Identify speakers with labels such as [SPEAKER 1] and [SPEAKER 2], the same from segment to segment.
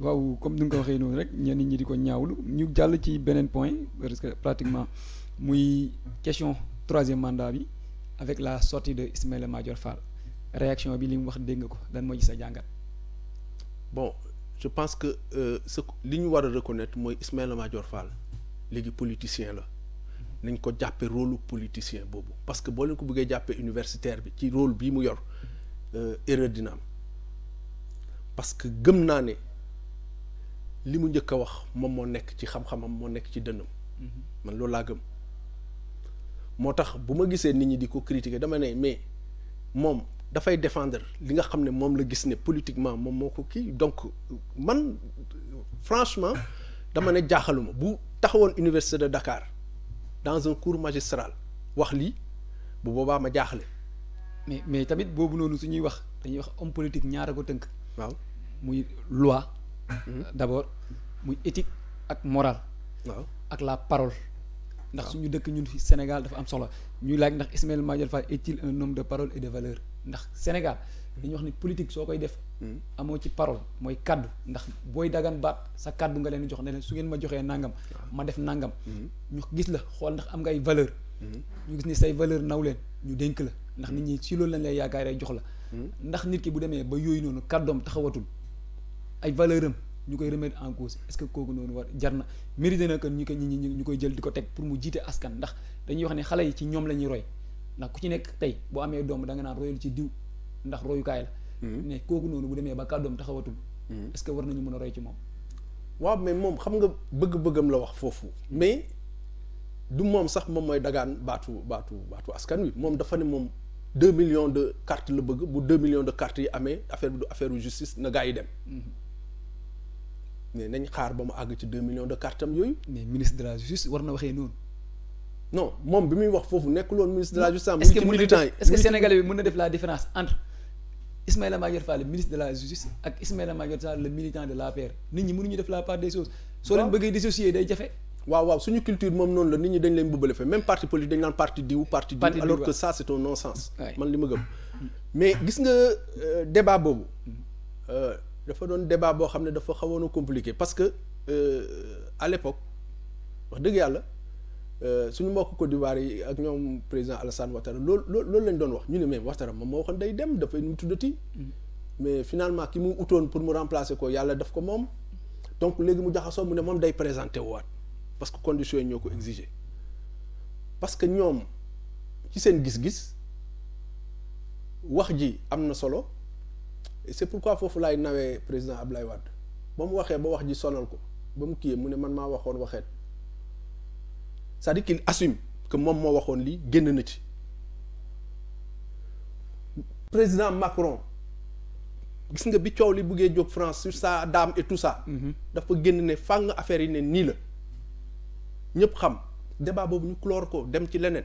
[SPEAKER 1] comme nous rek ñi point que pratiquement question troisième mandat avec la sortie de Ismaël Fall réaction bi li wax
[SPEAKER 2] bon je pense que euh, ce li ñu reconnaître mooy Ismaël Madior Fall léegi politicien la ko rôle politicien parce que si leen ko bëggee universitaire bi rôle bii mu yor euh, parce que li mu njëkk wax mom mo nekk ci xam-xamam mo nekk ci dënnam mm-hmm. man loolu la gëm motax buma gisé nit ñi diko critiquer dama né mais da fay défendre li nga xam ne moom la gis ne politiquement mom moko ki donc man franchement dama né jaaxaluma bu taxawoon université de Dakar dans un cours magistral wax li bu boobaa ma jaaxle. mais mais tamit bobu nonu suñuy wax
[SPEAKER 1] dañuy wax homme politique ñaara ko teunk waaw muy loi. Mhm. Euh, d' abord muy éthique ak morale. waaw ak la parole. ndax suñu dëkk ñun fi Sénégal dafa am soxla ñuy laaj ndax Ismaïla Madior Fall est-il de parole et valeur ndax Sénégal dañuy wax ni politique soo koy def. Mhm. amoo ci parole mooy kàddu ndax booy dagan baat sa kaddu nga leen jox ne leen su ngeen ma joxee nangam. ma def nangam. Mhm. ñu gis la xool ndax am nga ay valeur. ñu gis ni say valeur naw leen ñu dénk la ndax nit ñi si loolu lañ lay yaakaaree jox la. ndax nit ki bu demee ba yooyu noonu kàddoom taxawatul. ay valeur am ñu koy remettre en cause est-ce que kooku noonu war jar na mérite na que ñu koy ñi ñu koy jël di ko teg pour mu jiite askan ndax dañuy wax ni xale yi ci ñoom lañuy roy ndax ku ci nekk tey boo amee doom da nga naan royal ci diw ndax royukaay
[SPEAKER 2] la. mais hmm. kooku noonu bu demee ba kàddoom taxawatul. Hmm. est-ce que war nañu mën a roy ci moom. waaw mais moom xam nga bëgg-bëggam la wax foofu mais du moom sax moom mooy dagaan baatu baatu baatu askan wi moom dafa ne moom deux millions de cartes la bëgg bu deux millions de cartes amee affaire bi du affaire justice na gaa yi dem. Hmm. mais nañ xaar ba mu àgg ci 2 millions de cartes am yooyu. mais ministre de la justice war na waxee noonu. non moom bi muy wax foofu nekkul woon ministre de la justice. est ce que mën na est ce que sénégalais
[SPEAKER 1] bi mën na def la différence entre Ismaïla Madior Fall le ministre de la justice ak Ismaïla Madior Fall le militant de l'APR nit ñi mënuñu def la part des
[SPEAKER 2] choses. soo leen bëggee dissocier day jafe. waaw waaw suñu culture moom noonu la nit ñi dañ leen bëbbale fa même parti politique dañ naan parti diw parti diw alors que ça c' est un non sens. man li ma gëm mais gis nga euh, débat boobu. Euh, il y débat un débat dafa compliqué parce que euh, à l'époque si nous avons suñu président Alassane Ouattara nous avons eu wax mais Ouattara mm-hmm. mais finalement qui m'a pour me remplacer ko donc mu parce que les conditions sont exigées. parce que nous, ci gis-gis wax ji solo c'est pourquoi foofu laay nawee président Ablaye Wade bam waxé ba wax ji sonal ko bam mu kiyee man ma waxone waxeet c'est-à-dire qu'il assume que mom mo waxone li génn na ci président Macron gis nga bi coow li buggee jog France sur sa dame et tout ça mhm. dafa génn ne fang affaire yi ne ni la ñëpp xam débat bobu ñu clore ko dem ci leneen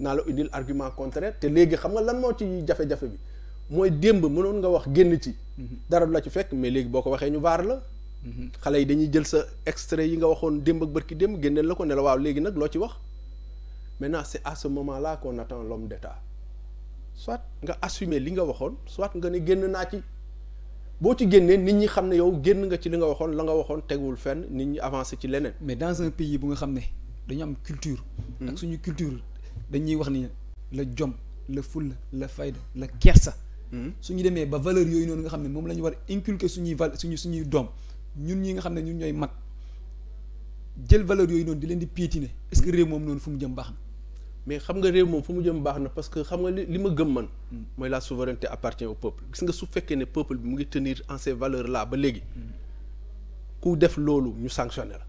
[SPEAKER 2] nalo indil argument contraire te légui xam nga lan mo ci jafé jafé bi moy demb mënoon nga wax génn ci. dara du la ci fekk mais légui boko waxé ñu vaar la. xale yi dañuy jël sa extrait yi nga waxoon demb ak barki demb génnel la ko ne la waaw léegi nag loo ci wax maintenant c'est à ce moment là qu'on attend l'homme d'état soit nga assumer li nga waxoon soit nga ne génn na ci bo ci génné nit ñi xamné yow génn nga ci li nga waxoon la nga waxoon teguwul fenn nit ñi avancer ci leneen. mais dans un pays bu nga xamné dañu am culture. Hmm. ak suñu culture.
[SPEAKER 1] dañuy wax ni la jom la fulla la fayda la kersa. Hmm? su ñu demee ba valeur yooyu noonu nga xam ne moom la ñu war inculquer suñuy val suñu suñuy doom ñun ñi nga xam ne ñun ñooy
[SPEAKER 2] mag jël valeur yooyu noonu di leen di piétiner est hmm? réew moom noonu fu mu jëm baax na. mais xam nga réew moom fu mu jëm baax na parce que xam nga li ma gëm man. Hmm. mooy la souveraineté appartient au peuple gis nga su fekkee ne peuple bi mu ngi tenir en ces valeurs là ba léegi. ku def loolu ñu sanctionné la.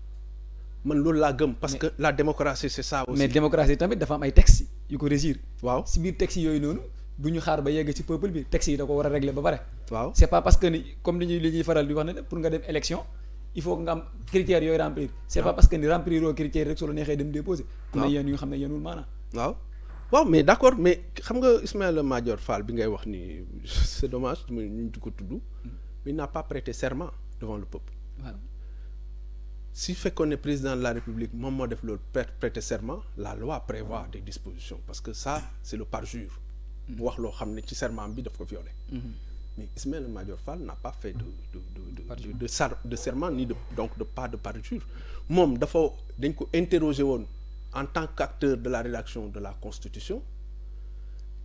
[SPEAKER 2] man lool la gëm parce que la démocratie c'est ça aussi mais démocratie
[SPEAKER 1] tamit dafa am ay textes yu ko régir waaw si biir texte yooyu noonu du ñu xaar ba yegg ci peuple bi texte yi da ko war a régler ba pare waaw c'est pas parce que ni comme li ñuy li ñuy faral di wax ne pour nga dem élection il faut nga am critères yooyu remplir c'est pas parce que ni remplir yoo critères rek su la neexee dem déposer am na yéen yu nga xam ne yéenul
[SPEAKER 2] maanaam waaw waaw mais d'accord mais xam nga ismaël Madior Fall bi ngay wax ni c'est dommage ñu ko tudd mm-hmm. il n'a pas prêté serment devant le peuple waaw si fait qu'on est président de la république moment de faire prêter serment la loi prévoit des dispositions parce que ça c'est le parjure. voir mhm. wax ramener xam serment bi daf violé. Mhm. mais Ismaël Major Fall n'a pas fait de de de de serment ni de donc de pas de parjure Moi, dafa dañ ko interroger en tant qu'acteur de la rédaction de la constitution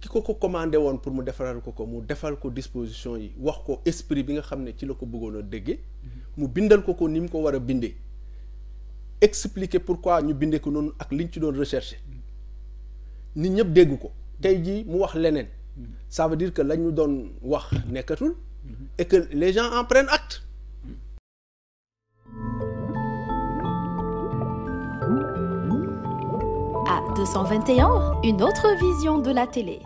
[SPEAKER 2] Qui ko commandé pour mu defaral ko ko mu dispositions ko disposition yi wax ko esprit bi nga ci a été mhm. mu bindal ko ko ni expliquer pourquoi nous bindee ko ak liñ ci recherché nit ñëpp dégg ko tey jii mu ça veut dire que la nous doon wax nekkatul et que les gens en prennent acte
[SPEAKER 1] À 221, une autre vision de la télé.